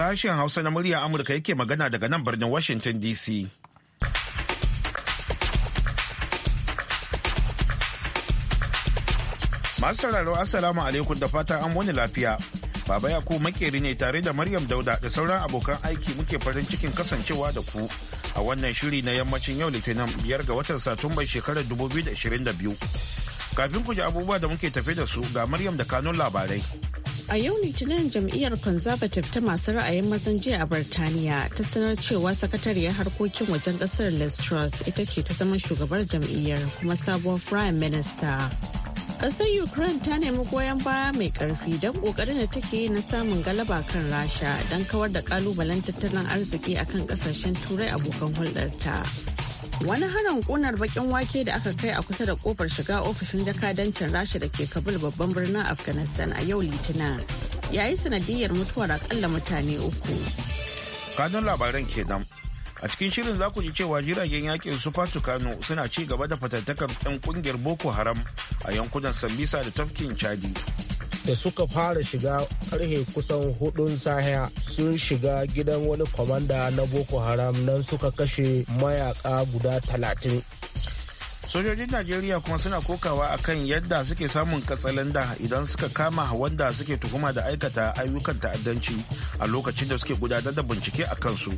Sashen Hausa na murya Amurka yake magana daga nan birnin Washington DC. Masu sauraro Assalamu alaikum da fatan an wani lafiya. Baba yako makeri ne tare da Maryam Dauda da sauran abokan aiki muke farin cikin kasancewa da ku a wannan shiri na yammacin yau Litinin biyar ga watan Satumbar shekarar 2022. Kafin ku ji abubuwa da muke tafe da su ga Maryam da kanun labarai. A yau Litinin jam'iyyar Conservative ta masu ra'ayin mazan jiya a Birtaniya ta sanar cewa sakatariyar harkokin wajen kasar Liz Truss ita ce ta zama shugabar jam'iyyar kuma sabuwar Prime Minister. Kasar Ukraine ta nemi goyon baya mai karfi don kokarin da take yi na samun galaba kan Rasha don kawar da kalubalen tattalin arziki akan kasashen turai abokan hulɗarta. wani harin kunar bakin wake da aka kai a kusa da kofar shiga ofishin jakadancin rasha da ke kabul babban birnin afghanistan a yau litina ya yi sanadiyar mutuwar akalla mutane uku kanun labaran kenan a cikin shirin za ku ji cewa jiragen yakin su kano suna ci gaba da fatattakar 'yan kungiyar boko haram a yankunan sambisa da tafkin chadi da suka fara shiga karhe kusan hudun sahaya sun shiga gidan wani kwamanda na boko haram nan suka kashe mayaka guda talatin sojojin najeriya kuma suna kokawa akan yadda suke samun katsalanda idan suka kama wanda suke tuhuma da aikata ayyukan ta'addanci a lokacin da suke gudanar da bincike a kansu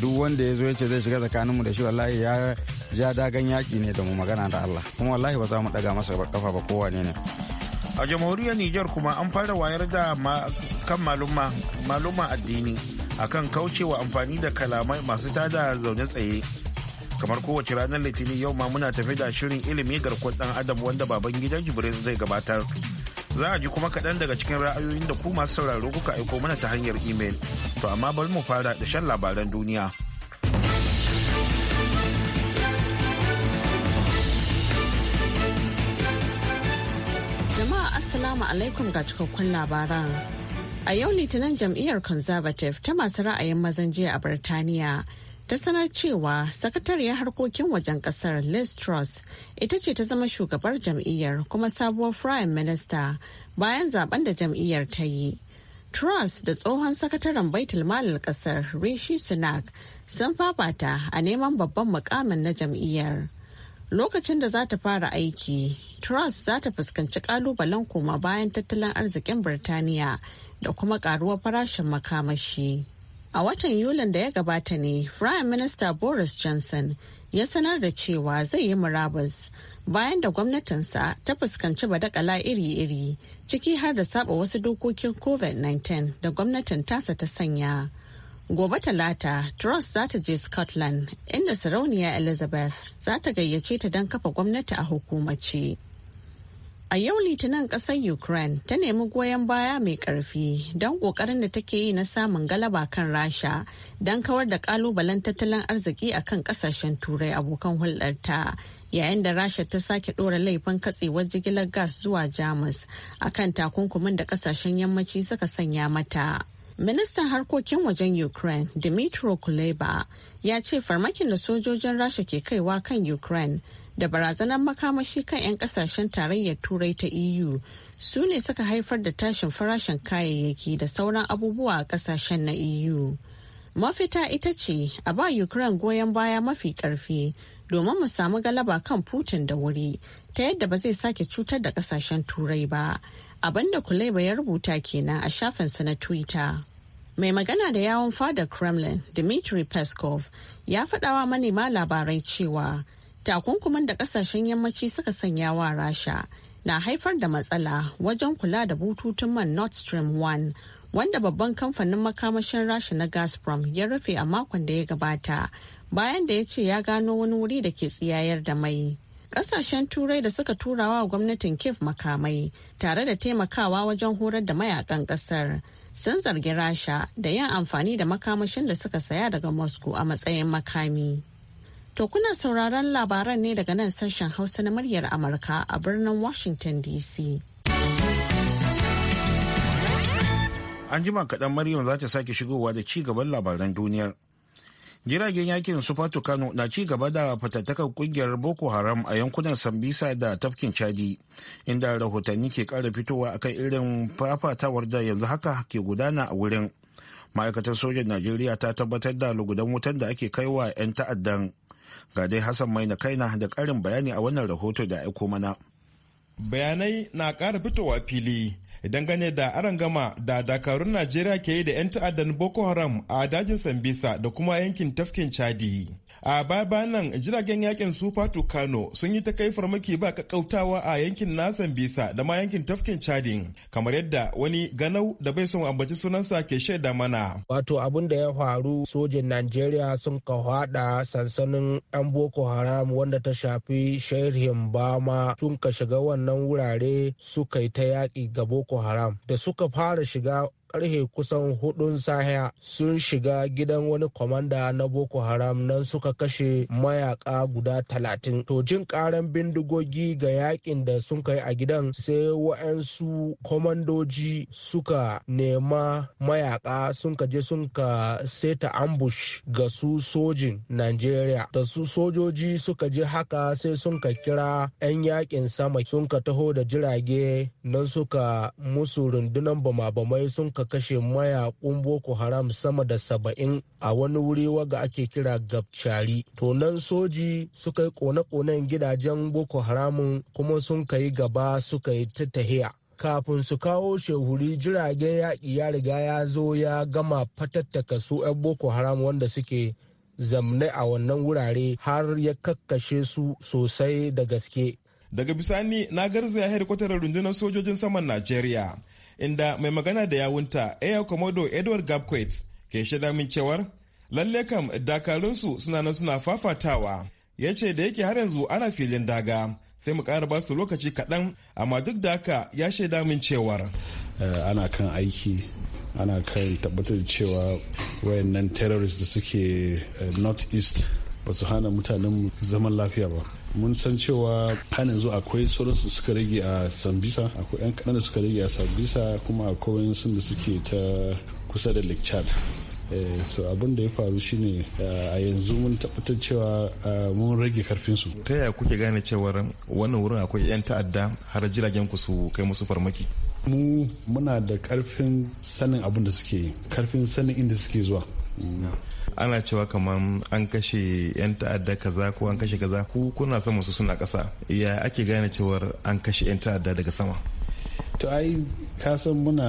duk wanda ya zo yace zai shiga tsakaninmu da shi wallahi ya ja dagan yaƙi ne da mu magana da allah kuma wallahi ba za mu ɗaga masa kafa ba kowane ne a jamhuriyar Nijar kuma an fara wayar da kan maluma addini akan kaucewa amfani da kalamai masu tada zaune tsaye kamar kowace ranar litinin yau ma muna tafi da shirin ilimi garkuwar dan adam wanda baban gidan jibril zai gabatar za a ji kuma kaɗan daga cikin ra'ayoyin da ku masu sauraro kuka aiko mana ta hanyar imel to amma bari mu fara da shan labaran duniya Assalamu alaikum ga cikakkun labaran. A yau Litinin jam'iyyar Conservative ta masu ra'ayin mazan jiya a Birtaniya ta sanar cewa sakatariyar harkokin wajen kasar Liz Truss ita ce ta zama shugabar jam'iyyar kuma sabuwar Prime Minister bayan zaben da jam'iyyar ta yi. Truss da tsohon sakataren baitul malal kasar Rishi Sunak sun fafata a neman babban mukamin na jam'iyyar. lokacin da za ta fara aiki truss za ta fuskanci kalubalen koma bayan tattalin arzikin birtaniya da kuma karuwar farashin makamashi a watan yulin da ya gabata ne prime minister boris johnson ya sanar da cewa zai yi murabus bayan da gwamnatinsa ta fuskanci badakala iri-iri ciki har da saba wasu dokokin covid-19 da gwamnatin tasa ta sanya. Gobe Talata, Truss za ta je Scotland, inda sarauniya Elizabeth za ta gayyace ta don kafa gwamnati a hukumace. A yau Litinin ƙasar Ukraine ta nemi goyon baya mai ƙarfi don ƙoƙarin da take yi na samun galaba kan Rasha don kawar da ƙalubalen tattalin arziki a kan ƙasashen Turai abokan hulɗarta. Yayin da Rasha ta sake ɗora laifin katsewar jigilar gas zuwa Jamus a kan takunkumin da ƙasashen yammaci suka sanya mata. Ministan harkokin wajen Ukraine, Dmitry Kuleba, ya ce farmakin da sojojin Rasha ke kaiwa kan Ukraine da barazanar makamashi kan 'yan kasashen tarayyar Turai ta EU su ne suka haifar da tashin farashin kayayyaki da sauran abubuwa a kasashen na EU. Mafita ita ce a ba Ukraine goyon baya mafi karfi domin mu samu galaba kan Putin da wuri ta yadda ba zai sake cutar da kasashen Turai ba. abinda Kuleba ya rubuta kenan a shafinsa na Twitter. Mai magana da yawon fadar Kremlin, Dmitry Peskov, ya faɗawa manema labarai cewa takunkumin da kasashen yammaci suka sanya wa Rasha na haifar da matsala wajen kula da bututun man Nord Stream 1 wanda babban kamfanin makamashin Rasha na Gazprom ya rufe a makon da ya gabata bayan da ya ce ya gano wani wuri da ke tsiyayar da mai. Ƙasashen Turai da suka turawa gwamnatin Kiev makamai tare da taimakawa wajen horar da mayakan ƙasar sun zargi Rasha da yin amfani da makamashin da suka saya daga Moscow a matsayin makami. To kuna sauraron labaran ne daga nan sashen Hausa na muryar Amurka a birnin Washington DC. An jima kaɗan Maryam za ta sake shigowa da ci gaban labaran duniyar. jiragen yakin sufatu kano na ci gaba da fatattakar kungiyar boko haram a yankunan sambisa da tafkin chadi inda rahotanni ke kara fitowa a akan irin fafatawar da yanzu haka ke gudana a wurin ma'aikatar sojan najeriya ta tabbatar da lugudan wutan da ake kai wa 'yan ta'addan ga dai hassan mai na kaina da karin bayani a wannan rahoto da aiko mana bayanai na kara fitowa fili idan dangane da arangama da dakarun najeriya ke yi da 'yan ta'addan boko haram a dajin sambisa da kuma yankin tafkin chadi a baya nan jiragen yakin fatu kano sun yi ta kai farmaki ba kakkautawa a yankin na sambisa da ma yankin tafkin chadi kamar yadda wani ganau da bai son ambaci sunansa ke shaida mana wato abin da ya faru sojin najeriya sun ka hada sansanin 'yan boko haram wanda ta shafi shehrin bama sun ka shiga wannan wurare suka yi ta yaƙi ga boko boko haram da suka fara shiga karhe kusan hudun sahiya sun shiga gidan wani kwamanda na boko haram nan suka kashe mayaka guda talatin to jin karan bindigogi ga yakin da sun kai a gidan sai wa'ansu kwamandoji suka nema mayaka sun je sun ka seta ambush ga su sojin nigeria da su sojoji suka ji haka sai sun ka kira 'yan yakin sama sun ka taho da jirage nan suka musu rundunan bama-bamai sun ka kashe mayaƙun boko haram sama da saba'in a wani wuri waga ake kira gabcari to nan soji suka yi kone-konen gidajen boko haramun kuma sun kai gaba suka yi ta tahiya kafin su kawo shehuri jirage yaƙi ya riga ya zo ya gama fatattaka su 'yan boko haram wanda suke zamne a wannan wurare har ya kakkashe su sosai da gaske daga bisani na garzaya rundunar sojojin saman najeriya inda mai magana da yawunta Air Komodo Edward Gabquet ke shaida min cewar lalle kam dakarunsu suna nan suna fafatawa ya ce da yake har yanzu ana filin daga sai mu ƙara ba su lokaci kaɗan amma duk da haka ya shaida min cewar eh, ana kan aiki ana kan tabbatar da cewa wayannan terrorists da suke eh, north east ba su hana mutanen zaman lafiya ba mun san cewa har yanzu akwai sauran su suka rage a sambisa akwai yan kaɗan da suka rage a sambisa kuma akwai sun da suke ta kusa da lake chad so eh, abin da ya faru shine eh, a yanzu mun tabbatar cewa eh, mun rage karfin su ta yaya kuke gane cewa wannan wurin akwai 'yan ta'adda har jiragen ku su kai musu farmaki mu muna da karfin sanin abin da suke yi karfin sanin inda suke zuwa ana cewa kamar an kashe 'yan ta'adda kaza ko an kashe kaza ku kuna sama su suna ƙasa ya ake gane cewar an kashe 'yan ta'adda daga sama to ai kasan muna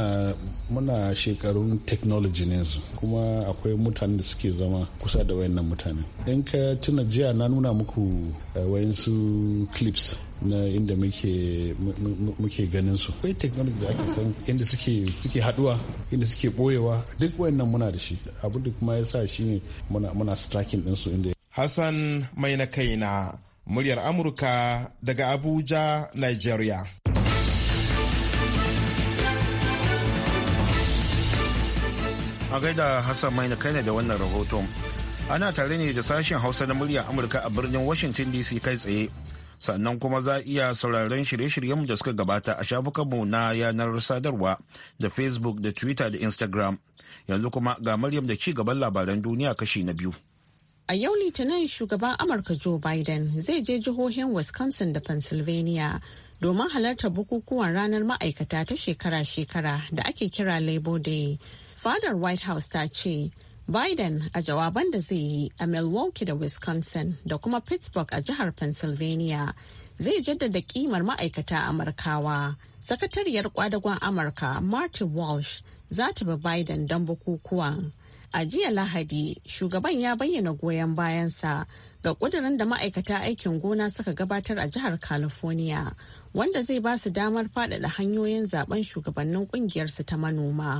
muna shekarun technology ne su kuma akwai mutanen da suke zama kusa da wayannan mutane in ka tuna jiya na nuna muku eh, wayansu clips na inda muke ganin su akwai technology da ake san inda suke haduwa inda suke boyewa duk wayannan muna da shi abu da kuma ya sa shine muna muna striking din su inda Hassan mai na kaina muryar Amurka daga Abuja Nigeria a gaida Hassan Maina kai da wannan rahoton. Ana tare ne da sashen Hausa na murya Amurka a birnin Washington DC kai tsaye. Sannan kuma za iya sauraron shirye-shiryen da suka gabata a shafukanmu na yanar sadarwa da Facebook da Twitter da Instagram. Yanzu kuma ga Maryam da ci gaban labaran duniya kashi na biyu. A yau Litinin shugaban Amurka Joe Biden zai je jihohin Wisconsin da Pennsylvania domin halartar bukukuwan ranar ma'aikata ta shekara-shekara da ake kira Labor Day. fadar white house ta ce biden a jawaban da zai yi a milwaukee da wisconsin da kuma pittsburgh a jihar pennsylvania zai jaddada kimar ma'aikata amurkawa sakatariyar kwadagon amurka martin walsh za ta bi biden don bukukuwan a jiya lahadi shugaban ya bayyana goyon bayansa ga kudirin da ma'aikata aikin gona suka gabatar a jihar california wanda zai ba su damar faɗaɗa hanyoyin zaben shugabannin kungiyarsu ta manoma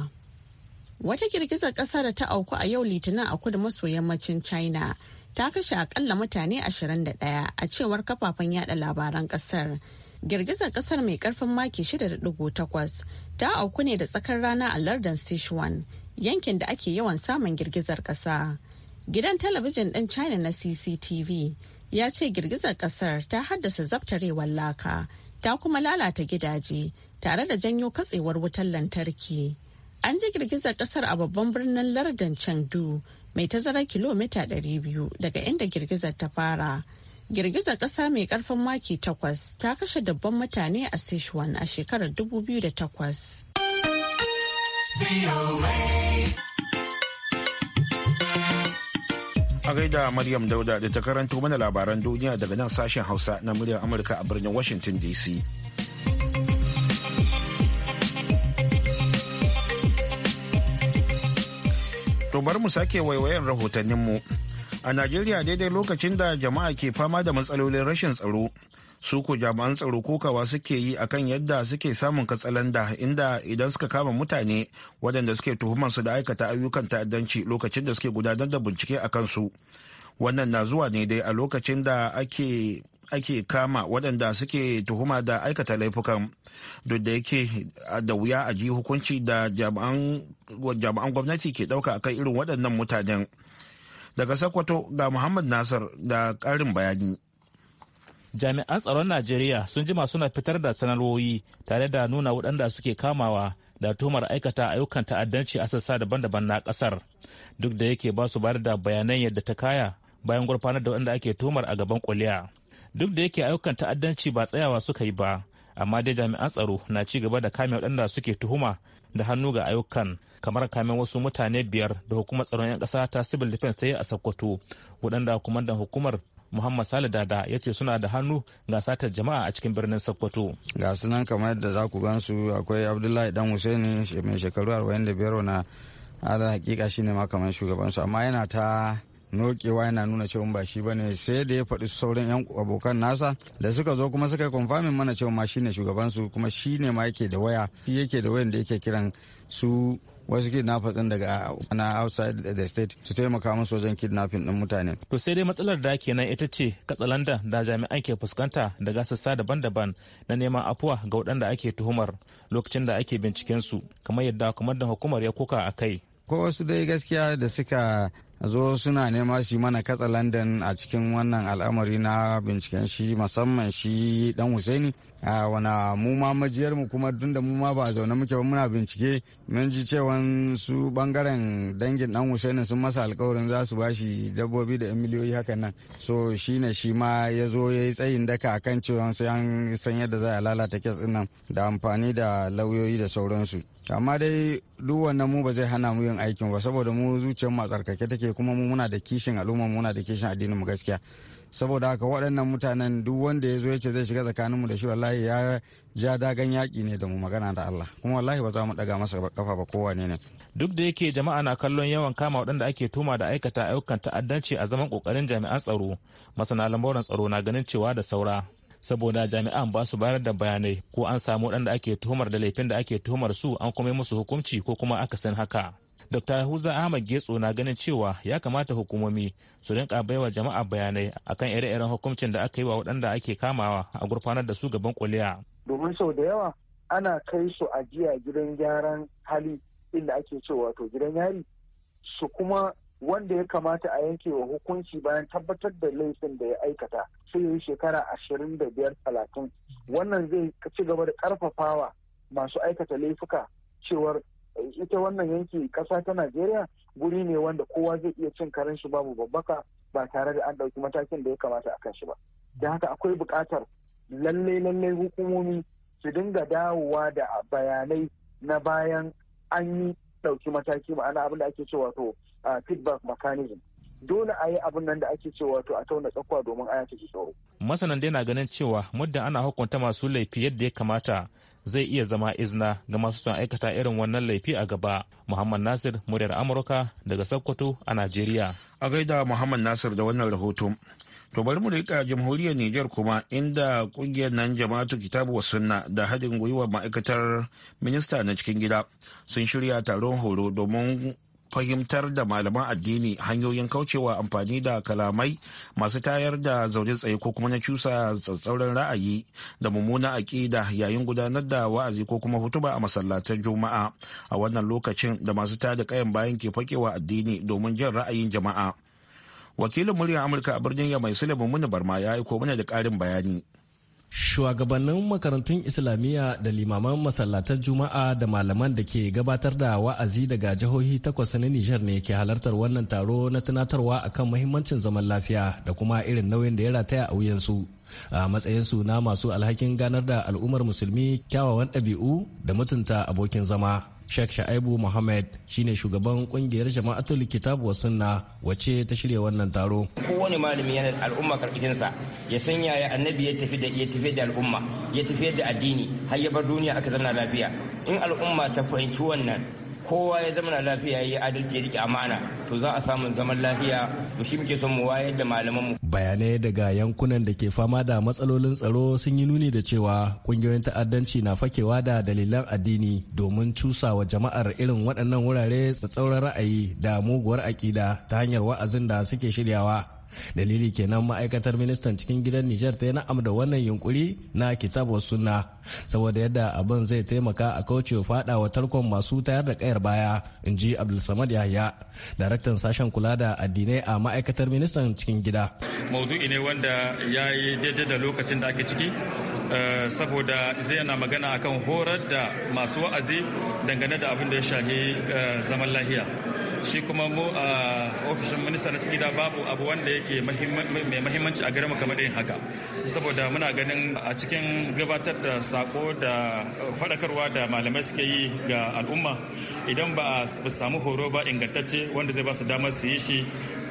Wata girgizar ƙasa da ta auku a yau Litinin a kudu maso yammacin China ta kashe akalla mutane 21 a cewar kafafen yada labaran ƙasar. Girgizar ƙasar mai ƙarfin maki 6.8 ta auku ne da tsakar rana a lardin Sichuan, yankin da ake yawan samun girgizar ƙasa. Gidan talabijin ɗin China na CCTV ya ce girgizar ƙasar ta haddasa zabtarewar laka, ta kuma lalata gidaje tare da janyo katsewar wutar lantarki. An ji girgizar kasar a babban birnin lardin Chengdu mai tazara kilomita 200 daga inda girgizar ta fara. Girgizar kasa mai karfin maki takwas ta kashe dabban mutane a Sichuan a shekarar 2008. a gaida Maryam Dauda da ta karanto mana labaran duniya daga nan sashen Hausa na muryar Amurka a birnin Washington DC. To bari mu sake waiwayan mu A Najeriya daidai lokacin da jama'a ke fama da matsalolin rashin tsaro. Su ko jami'an tsaro kokawa suke yi akan yadda suke samun katsalanda inda idan suka kama mutane wadanda suke tuhumar su da aikata ayyukan ta'addanci lokacin da suke gudanar da bincike a kansu. wannan na zuwa ne dai a lokacin da ake ake kama waɗanda suke tuhuma da aikata laifukan duk da yake da wuya a ji hukunci da jami'an gwamnati ke ɗauka a akan irin waɗannan mutanen daga sakwato ga muhammad nasar da ƙarin bayani jami'an tsaron najeriya sun jima suna fitar da sanarwoyi tare da nuna waɗanda suke kamawa da tuhumar aikata ayyukan ta'addanci a sassa daban-daban na kasar duk da yake ba su bayar da bayanan yadda ta kaya bayan gurfanar da wanda ake tomar a gaban kuliya duk da yake ayyukan ta'addanci ba tsayawa suka yi ba amma dai jami'an tsaro na ci gaba da kame waɗanda suke tuhuma da hannu ga ayyukan kamar kamen wasu mutane biyar da hukumar tsaron 'yan ƙasa ta civil defense ta yi a sokoto waɗanda kumandan hukumar muhammad sale dada ya ce suna da hannu ga satar jama'a a cikin birnin sokoto ga sunan kamar yadda za ku gansu akwai abdullahi dan husaini mai shekaru arba'in 45 na ala hakika shine ma kamar shugabansu amma yana ta nokewa yana nuna cewa ba shi bane sai da ya faɗi sauran yan abokan nasa da suka zo kuma suka kwamfamin mana cewa ma shine shugabansu su kuma shine ma yake da waya shi yake da wayan da yake kiran su wasu kidnappers daga na outside the state su taimaka musu wajen kidnapping din mutane. To sai dai matsalar da nan ita ce katsalanda da jami'an ke fuskanta daga sassa daban-daban na neman afuwa ga waɗanda ake tuhumar lokacin da ake binciken su kamar yadda kamar da hukumar ya kuka a kai. Ko wasu dai gaskiya da suka a zo suna nema shi mana katsa landan a cikin wannan al'amari na binciken shi musamman shi dan husaini wana mu ma majiyar kuma tun da mu ma ba a zaune muke ba muna bincike mun ji cewan su bangaren dangin dan Husaini sun masa alkawarin za su bashi dabbobi da miliyoyi haka nan so shine shi ma ya zo ya yi tsayin daka akan cewa sai an san yadda za a lalata kes din nan da amfani da lauyoyi da sauransu amma dai duk wannan mu ba zai hana mu yin aikin ba saboda mu zuciyar mu a tsarkake take kuma mu muna da kishin al'umma muna da kishin addinin mu gaskiya saboda haka waɗannan mutanen duk wanda ya zo ya ce zai shiga mu da shi wallahi ya ja dagan yaƙi ne da mu magana da Allah kuma wallahi ba za mu ɗaga masa kafa ba kowane ne duk da yake jama'a na kallon yawan kama waɗanda ake tuma da aikata ayyukan ta'addanci a zaman ƙoƙarin jami'an tsaro masana lamuran tsaro na ganin cewa da saura saboda jami'an ba su bayar da bayanai ko an samu waɗanda ake tuhumar da laifin da ake tuhumar su an kuma musu hukunci ko kuma akasin haka Dr. Huza Ahmad Getso na ganin cewa ya kamata hukumomi su rinka baiwa jama'a bayanai akan ire-iren hukuncin da aka yi wa waɗanda ake kamawa a gurfanar da su gaban kuliya. Domin sau da yawa ana kai su ajiya gidan gyaran hali inda ake cewa wato gidan yari su kuma wanda ya kamata a yanke wa hukunci bayan tabbatar da laifin da ya aikata sai ya yi shekara ashirin da biyar talatin wannan zai ci gaba da karfafawa masu aikata laifuka cewar ita wannan yanki ƙasa ta najeriya guri ne wanda kowa zai iya cin karen shi babu babbaka ba tare da an ɗauki matakin da ya kamata a kan shi ba da haka akwai buƙatar lalle lalle hukumomi su dinga dawowa da bayanai na bayan an yi ɗauki mataki ma'ana abin da ake ce wato feedback mechanism dole a yi abin nan da ake ce wato a tauna tsakwa domin a ta tsoro. masanan dai na ganin cewa muddin ana hukunta masu laifi yadda ya kamata zai iya zama izina ga masu son aikata irin wannan laifi a gaba. Muhammad Nasir muryar Amurka daga Sokoto a Najeriya. A gaida Muhammad Nasir da wannan rahoto. To bari mu rika jamhuriyar Nijar kuma inda kungiyar nan jama'atu kitabu wa sunna da haɗin gwiwa ma'aikatar minista na cikin gida sun shirya taron horo domin fahimtar da malaman addini hanyoyin kaucewa amfani da kalamai masu tayar da zaune tsaye ko kuma na cusa tsatsauran ra'ayi da mummuna aƙida yayin gudanar da wa'azi ko kuma hutuba a masallatan juma'a a wannan lokacin da masu tada kayan bayan ke fakewa addini domin jin ra'ayin jama'a wakilin muryar amurka a birnin yamai sulaiman muni barma ya aiko mana da ƙarin bayani shugabannin makarantun islamiyya da limaman masallatan juma'a da malaman da ke gabatar da wa'azi daga jihohi takwas na nijar ne ke halartar wannan taro na tunatarwa akan mahimmancin zaman lafiya da kuma irin nauyin da ya rataya a wuyansu a matsayinsu na masu alhakin ganar da al'ummar musulmi kyawawan ɗabi'u da mutunta abokin zama Sheikh Sha'ibu Muhammad shine shugaban kungiyar jama'atul kitab wa sunna wace ta shirya wannan taro. Kowane malami yana al'umma karkashinsa ya san yaya annabi ya tafi da ya tafi da al'umma ya tafi da addini har ya bar duniya aka zauna lafiya. In al'umma ta fahimci wannan kowa ya zama lafiya ya yi adalci ya riƙe amana to za a samu zaman lafiya to shi muke son mu wayar da malaman mu bayanai daga yankunan da ke fama da matsalolin tsaro sun yi nuni da cewa ƙungiyoyin ta'addanci na fakewa da dalilan addini domin cusa wa jama'ar irin waɗannan wurare tsatsauran ra'ayi da muguwar aƙida ta hanyar wa'azin da suke shiryawa dalili kenan ma'aikatar ministan cikin gidan nijar ta yi na'am da wannan yunkuri na kitabar sunna saboda yadda abin zai taimaka a kaucewa fada wa tarkon masu tayar da kayar baya in ji abdulsamad yahya daraktan sashen kula da addinai a ma'aikatar ministan cikin gida maudu'i ne wanda ya yi daidai da lokacin da ake ciki eh, saboda zai yana magana akan horar da masu wa'azi dangane da abin da ya shahi eh, zaman lahiya shi kuma mu a ofishin minista na cikin babu abu wanda yake mai mahimmanci a gare mu kamar yin haka saboda muna ganin a cikin gabatar da sako da faɗakarwa da malamai suke yi ga al'umma idan ba a samu horo ba ingantacce wanda zai ba su damar su yi shi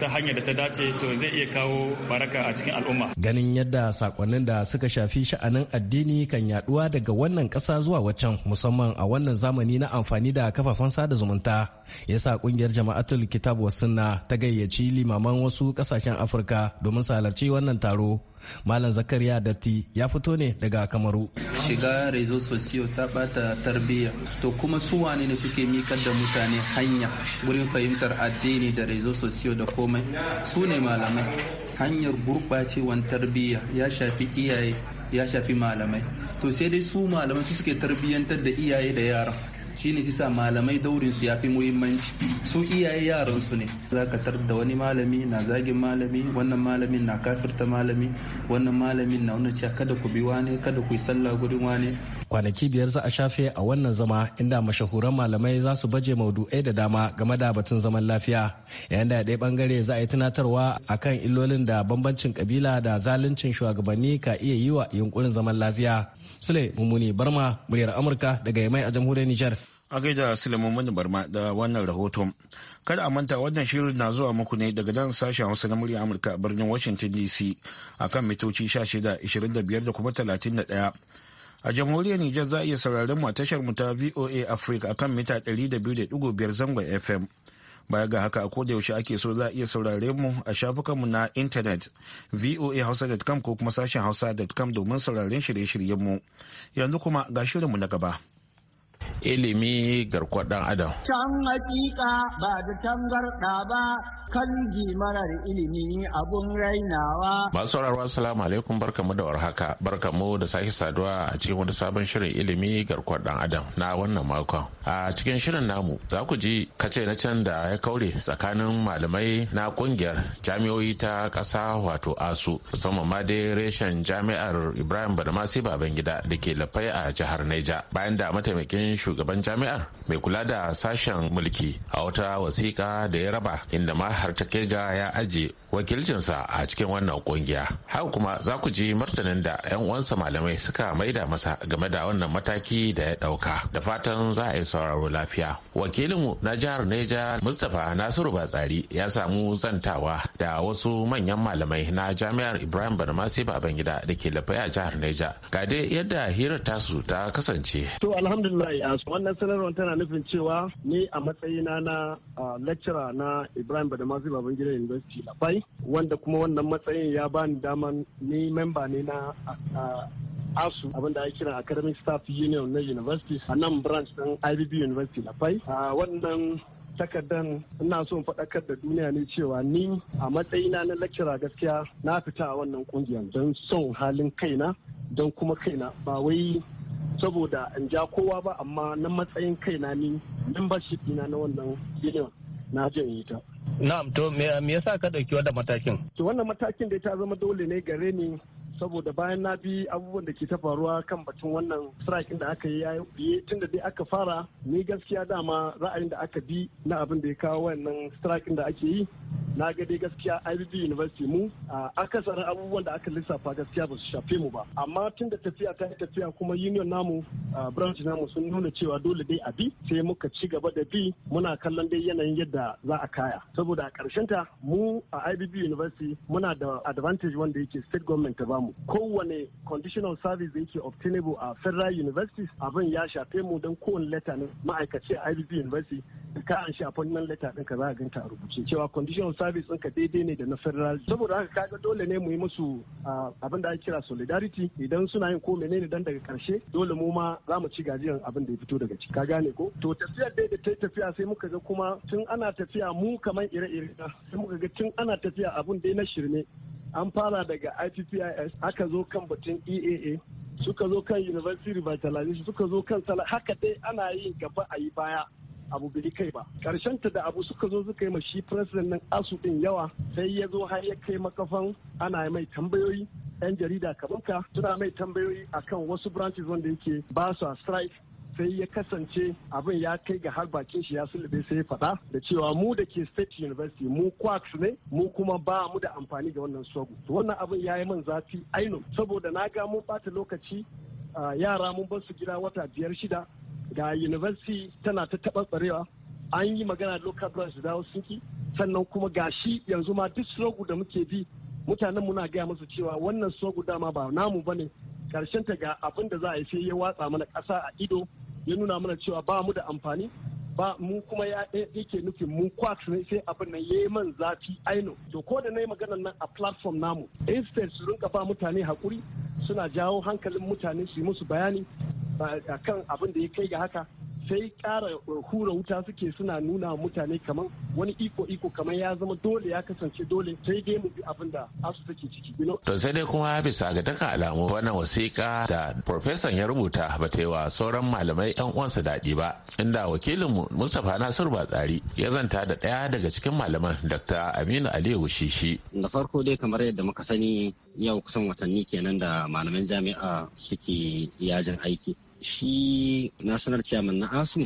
ta hanyar da ta dace to zai iya kawo baraka a cikin al'umma. Ganin yadda sakonnin da suka shafi sha'anin addini kan yaduwa daga wannan ƙasa zuwa waccan musamman a wannan zamani na amfani da kafafen sada zumunta ya kungiyar jama'atul kitab wa sunna ta gayyaci limaman wasu ƙasashen Afirka domin su halarci wannan taro. Malam Zakariya Datti ya fito ne daga Kamaru. Shiga rezo sosiyo ta bata tarbiyya to kuma su wane ne suke mikar da mutane hanya wurin fahimtar addini da rezo sosiyo da komai su ne malamai hanyar gurɓacewan tarbiyya ya shafi iyaye ya shafi malamai to sai dai su malamai su suke tarbiyyantar da iyaye da yara shine ne sa malamai daurin su ya fi muhimmanci su iyaye yaran su ne zaka da wani malami na zagin malami wannan malamin na kafirta malami wannan malamin na wani cewa kada ku bi wani kada ku yi sallah gurin wani. kwanaki biyar za a shafe a wannan zama inda mashahuran malamai za su baje maudu'ai da dama game da batun zaman lafiya yayin da ɗaya bangare za a yi tunatarwa akan illolin da bambancin kabila da zaluncin shugabanni ka iya yi wa yunkurin zaman lafiya sule mummuni barma muryar amurka daga yamai a jamhuriyar nijar A gaida Sulaiman Mani Barma da wannan rahoton. Kada a manta wannan shirin na zuwa muku ne daga nan sashen Hausa na murya Amurka a birnin Washington DC a kan mitoci 1625 da kuma 31. a jamhuriyar Nijar za a iya sauraron mu a tashar mu ta VOA Africa kan mita 200.5 zangon FM. Baya ga haka a kodayaushe yaushe ake so za a iya saurare mu a shafukanmu na intanet voahausa.com ko kuma sashen hausa.com domin sauraren shirye-shiryen mu. Yanzu kuma ga shirinmu na gaba. ilimi garkuwar dan adam. Can hakika ba da tangarɗa ba kan marar ilimi abun rainawa. Masu sauraro salamu alaikum barkamu da warhaka barkamu da sake saduwa a cikin wani sabon shirin ilimi garkuwar dan adam na wannan makon. A cikin shirin namu za ku ji kace na can da ya kaure tsakanin malamai na kungiyar jami'o'i ta ƙasa wato ASU musamman ma dai reshen jami'ar Ibrahim Badamasi Babangida da ke lafai a jihar Neja bayan da mataimakin shugaban jami'ar mai kula da sashen mulki a wata wasiƙa da ya raba inda ma har ta kai ya aje wakilcinsa a cikin wannan kungiya haka kuma za ku ji martanin da 'yan uwansa malamai suka maida masa game da wannan mataki da ya ɗauka da fatan za a yi sauraro lafiya wakilinmu na jihar neja mustapha nasiru batsari ya samu zantawa da wasu manyan malamai na jami'ar ibrahim barmasi babangida da ke lafai a jihar neja ga dai yadda hirar tasu ta kasance to alhamdulillah wannan sanarwar tana nufin cewa ni a matsayina na lecturer na Ibrahim Badamasi Babangida University Lafai wanda kuma wannan matsayin ya bani daman ni memba ne na asu abinda ake kira academic staff union na university a nan branch din ibb university lafai wannan takardan ina son faɗakar da duniya ne cewa ni a matsayina na lecturer gaskiya na fita a wannan kungiyar don son halin kaina don kuma kaina ba wai saboda in ja kowa ba amma na matsayin kai na ni membership dina na wannan union na yi ta. Na'am to me yasa ka ɗauki wannan matakin? To wannan matakin da ta zama dole ne gare ni saboda bayan na bi abubuwan da ke ta faruwa kan batun wannan strike da aka yi biye tun da dai aka fara ni gaskiya dama ra'ayin da aka bi na abin da ya kawo wannan strike da ake yi na ga dai gaskiya IBB University mu a akasarin abubuwan da aka lissafa gaskiya ba su shafe mu ba amma tun da tafiya ta yi tafiya kuma union namu branch namu sun nuna cewa dole dai a bi sai muka ci gaba da bi muna kallon dai yanayin yadda za a kaya saboda a ƙarshen ta mu a IBB University muna da advantage wanda yake state government ta bamu samu kowane conditional service yake obtainable a federal universities abin ya shafe mu don kowane leta na ma'aikaci a IBB university ka an shi appointment letter din ka za a ganta a rubuce cewa conditional service ka daidai ne da na federal saboda haka kaga dole ne mu yi musu abin da ake kira solidarity idan suna yin ko menene dan daga karshe dole mu ma za mu ci gajiyan abin da ya fito daga ciki ka gane ko to tafiyar dai da ta tafiya sai muka ga kuma tun ana tafiya mu kamar ire-ire sai muka ga tun ana tafiya abin dai na shirme an fara daga IPPIS aka zo kan batun EAA suka zo kan University Revitalization suka zo kan sala haka dai ana yin gaba a yi baya abu bai kai ba karshen ta da abu suka zo suka yi ma shi president nan asu din yawa sai ya zo har ya kai makafan ana mai tambayoyi yan jarida ka suna mai tambayoyi akan wasu branches wanda yake ba su strike sai ya kasance abin ya kai ga har bakin shi ya sulube sai ya faɗa da cewa mu da ke state university mu quacks ne mu kuma ba mu da amfani ga wannan sogo to wannan abin ya yi min zafi ainu. saboda na ga mun bata lokaci yara mun bar gida wata biyar shida ga university tana ta taɓarɓarewa an yi magana local branch da dawo sunki sannan kuma gashi yanzu ma duk sogu da muke bi mutanen muna gaya musu cewa wannan sogu dama ba namu bane karshen ta ga abin da za a yi sai ya watsa mana kasa a ido ya nuna mana cewa ba mu da amfani ba mu kuma ya yake nufin mu kwat ne sai abin nan yayi man zafi aino to ko da nayi maganar nan a platform namu instead su rinka ba mutane hakuri suna jawo hankalin mutane su yi musu bayani kan abin da ya kai ga haka sai kara eh, hura wuta suke suna nuna mutane kamar wani iko iko kamar ya zama dole ya kasance dole sai dai mu bi abin da asu take ciki to sai dai kuma bisa ga dukkan alamu wannan wasiƙa da profesan ya rubuta ba ta yi wa sauran malamai yan uwansa daɗi ba inda wakilinmu mustapha nasiru batsari ya zanta da ɗaya daga cikin malaman dr aminu aliyu shishi da farko dai kamar yadda muka sani yau kusan watanni kenan da malaman jami'a suke yajin aiki shi nasarar chairman na asu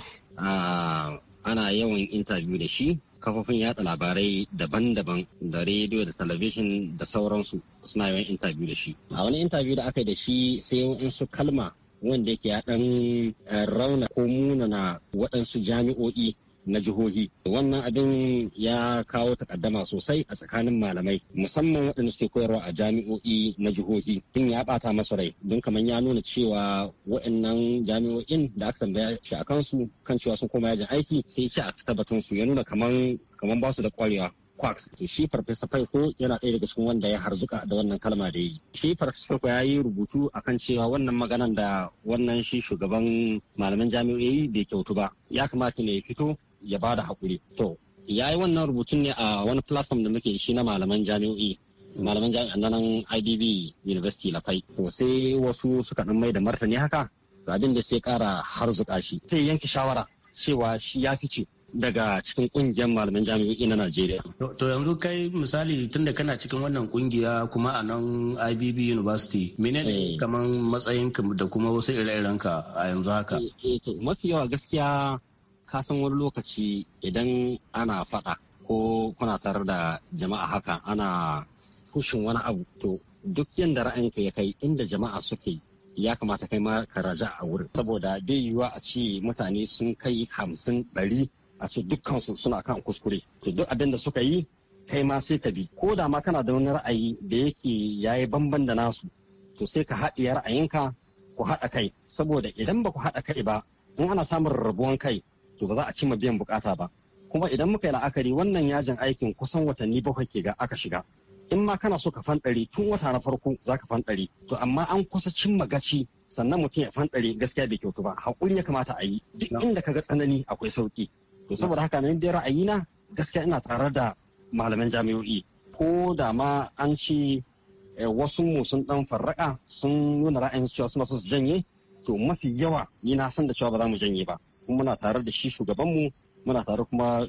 ana yawan interview da shi kafofin yada labarai daban-daban da rediyo da talabijin da sauransu suna yawan interview da shi a wani interview da aka yi da shi sai su kalma wanda yake ya ɗan eh, rauna ko munana waɗansu jami'o'i na jihohi wannan abin ya kawo takaddama sosai a tsakanin malamai musamman waɗanda suke koyarwa a jami'o'i na jihohi tun ya bata masa rai don kamar ya nuna cewa waɗannan jami'o'in da aka tambaya shi a kansu kan cewa sun koma yajin aiki sai ce a tabbatun su ya nuna kamar kamar ba su da kwarewa quarks to shi farfesa faiko yana ɗaya daga cikin wanda ya harzuka da wannan kalma da yi shi farfesa faiko ya yi rubutu akan cewa wannan maganan da wannan shi shugaban malaman jami'o'i bai kyautu ba ya kamata ne ya fito ya bada hakuri to ya yi wannan rubutun ne a wani platform da muke shi na malaman jami'o'i malaman jami'an nan IDB University Lafai to sai wasu suka dan mai da martani haka to abin da sai kara harzuka shi sai yanke shawara cewa shi ya fice daga cikin kungiyar malaman jami'o'i na Najeriya. To yanzu kai misali tunda kana cikin wannan kungiya kuma a nan IBB University, mene ne eh. kamar matsayinka da kuma wasu ire-irenka a yanzu haka? Eh, eh to mafi yawa gaskiya ka san wani lokaci idan ana faɗa ko kuna tare da jama'a haka ana kushin wani abu to duk yadda ra'ayinka ya kai inda jama'a suke ya kamata kai ma ka raja a wurin saboda bai yiwuwa a ce mutane sun kai hamsin ɗari a ce dukkansu suna kan kuskure to duk abin da suka yi kai ma sai ka bi ko da ma kana da wani ra'ayi da yake yayi bamban da nasu to sai ka haɗiye ra'ayinka ku haɗa kai saboda idan ba ku haɗa kai ba in ana samun rabuwan kai to ba za a cima biyan bukata ba kuma idan muka yi la'akari wannan yajin aikin kusan watanni bakwai ke ga aka shiga in ma kana so ka fanɗari tun wata na farko za ka fanɗari to amma an kusa cimma gaci sannan mutum ya fanɗari gaskiya bai kyautu ba haƙuri ya kamata a yi duk inda ka ga tsanani akwai sauƙi to saboda haka nan dai ra'ayina gaskiya ina tare da malaman jami'o'i ko da ma an ce eh, wasu mu sun dan farraka sun nuna ra'ayin cewa suna so su janye to mafi yawa ni na san da cewa ba za mu janye ba kuma muna tare da shi shugabanmu muna tare kuma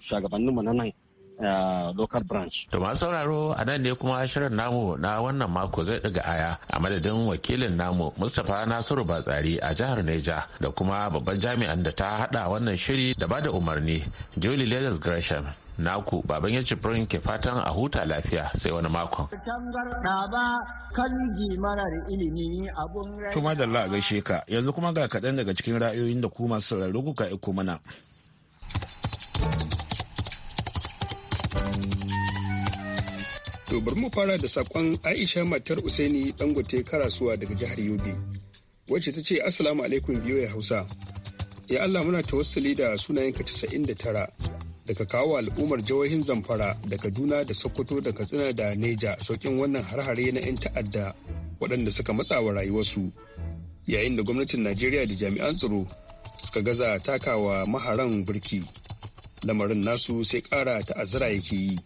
mu na nan eh, local branch. To masu sauraro a nan ne kuma shirin namu na wannan mako zai ɗaga aya a madadin wakilin namu Mustapha Nasiru Batsari a jihar Neja da kuma babban jami'an da ta haɗa wannan shiri da bada umarni Julie lagos Gresham. naku baban ya cifrin ke fatan a huta lafiya sai wani makon. Tuma da Allah a gaishe ka yanzu kuma ga kaɗan daga cikin ra'ayoyin da ku masu sauraro kuka iko mana. To mu fara da sakon Aisha matar Usaini Dangote Karasuwa daga jihar Yobe. Wacce ta ce asalamu alaikum ya Hausa. Ya Allah muna tawassali da sunayenka tara daga kawo kawo al'ummar jihohin zamfara da kaduna da sokoto da katsina da neja saukin wannan harhare na 'yan ta'adda waɗanda suka matsa wa rayuwarsu yayin da gwamnatin najeriya da jami'an tsaro suka gaza takawa maharan birki lamarin nasu sai ƙara ta'azzara yake yi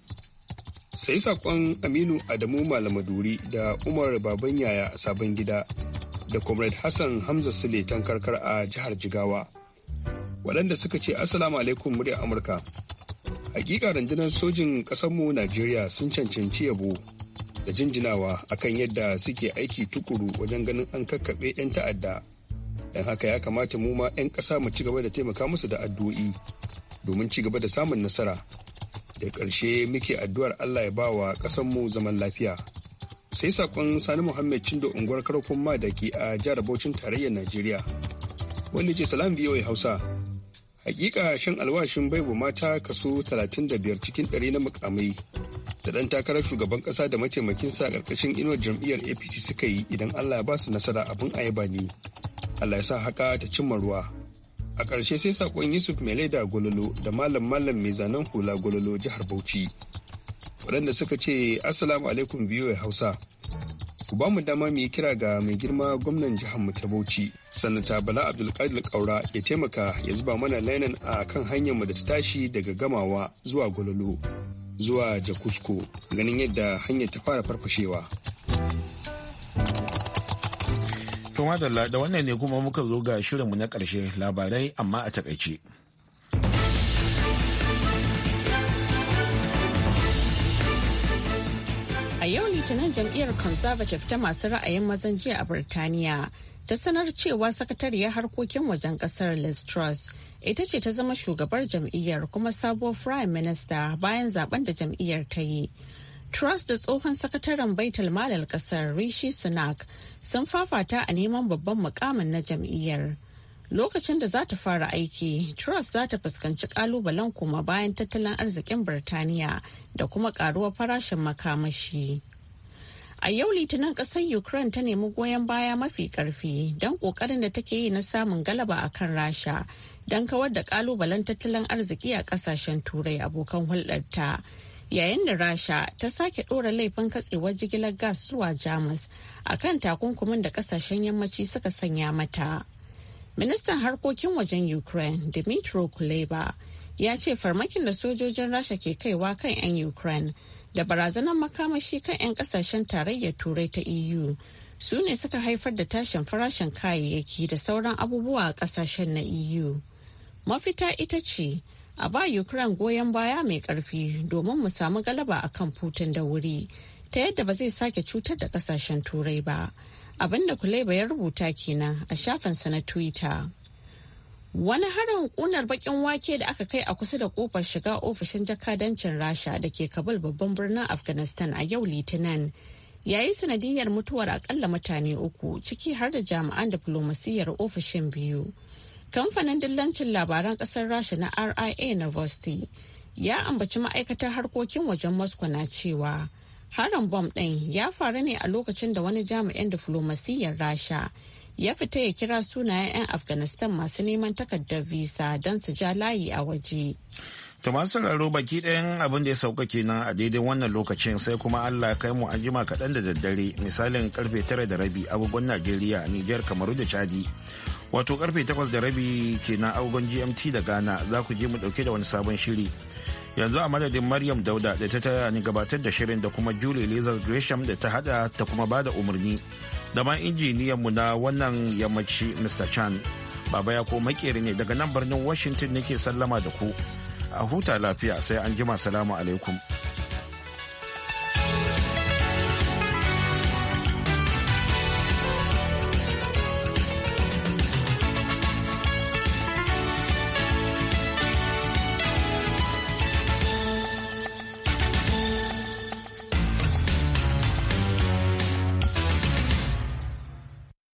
sai saƙon aminu adamu malamaduri da umar baban yaya sabon gida da comrade hassan hamza sule tankarkar a jihar jigawa waɗanda suka ce assalamu alaikum muryar amurka hakika rundunar sojin ƙasarmu najeriya sun cancanci yabo da jinjinawa akan yadda suke aiki tukuru wajen ganin an kakkaɓe 'yan ta'adda don haka ya kamata mu ma 'yan ƙasa mu ci gaba da taimaka musu da addu'o'i domin ci gaba da samun nasara da ƙarshe muke addu'ar allah ya ba wa ƙasarmu zaman lafiya sai saƙon sani muhammed cindo unguwar karfin madaki a jihar bauchin tarayyar najeriya wani ce salam voa hausa hakika shan alwashin baibu mata kaso 35 cikin 100 na mukamai da dan takarar shugaban kasa da mataimakin sa karkashin inuwar jam'iyyar apc suka yi idan allah ya ba su nasara abin ayaba ne allah ya sa haka ta cimma ruwa a ƙarshe sai saƙon yusuf laida gololo da malam malam mai zanen hula gololo jihar bauchi waɗanda suka ce assalamu alaikum biyu hausa ku ba mu dama mu yi kira ga mai girma gwamnan jihar mu ta Bauchi sanata Bala Abdulkadir Kaura ya taimaka ya zuba mana lainan a kan hanyar mu da ta tashi daga gamawa zuwa Gololo zuwa Jakusko ganin yadda hanyar ta fara farfashewa. To da wannan ne kuma muka zo ga shirinmu na karshe labarai amma a takaice. yau litinin jam'iyyar conservative ta masu ra'ayin mazan jiya a birtaniya ta sanar cewa sakatariyar harkokin wajen kasar liz truss ita ce ta zama shugabar jam'iyyar kuma sabuwar prime minister bayan zaben da jam'iyyar ta yi truss da tsohon sakataren baitul malal kasar rishi sunak sun fafata a neman babban mukamin na jam'iyyar lokacin da za ta fara aiki truss za ta fuskanci kalubalen koma bayan tattalin arzikin birtaniya da kuma karuwar farashin makamashi a yau litinin kasar ukraine ta nemi goyon baya mafi karfi don kokarin da take yi na samun galaba a kan rasha don kawar da kalubalen tattalin arziki a kasashen turai abokan hulɗarta yayin da rasha ta sake ɗora laifin katsewar jigilar gas zuwa jamus akan takunkumin da kasashen yammaci suka sanya mata. Ministan harkokin wajen Ukraine, dimitro Kuleba, ya ce farmakin da sojojin Rasha ke kaiwa kan 'yan Ukraine da barazanar makamashi kan 'yan kasashen tarayyar Turai ta EU su ne suka haifar da tashin farashin kayayyaki da sauran abubuwa a kasashen na EU. Mafita ita ce, a ba Ukraine goyon baya mai karfi domin mu samu galaba a kan Putin da wuri, ta yadda ba zai sake cutar da kasashen Turai ba. abinda kuleba ya rubuta kenan a shafinsa na twitter wani harin kunar bakin wake da aka kai a kusa da kofar shiga ofishin jakadancin rasha da ke kabul babban birnin afghanistan a yau litinin yayi sanadiyar mutuwar akalla mutane uku ciki har da jami'an diflomasiyyar ofishin biyu kamfanin dillancin labaran kasar rasha na ria na ya ambaci ma'aikatar harkokin wajen moscow na cewa harin bom ɗin ya faru ne a lokacin da wani jami'in diflomasiyyar rasha ya fita ya kira sunayen 'yan afghanistan masu neman takardar visa don su ja layi a waje to masu sauraro baki ɗayan abin da ya sauka kenan a daidai wannan lokacin sai kuma allah kai mu an jima kaɗan da daddare misalin karfe tara da rabi agogon najeriya nijar kamaru da chadi wato karfe takwas da rabi kenan agogon gmt da ghana za ku je mu ɗauke da wani sabon shiri yanzu a madadin maryam dauda da ta taya ni gabatar da shirin da kuma julie lizard gresham da ta hada ta kuma bada umarni da ma injiniyanmu na wannan yammaci mr chan baba ya ko makeri ne daga nan birnin washington nake sallama da ku a huta lafiya sai an jima salamu alaikum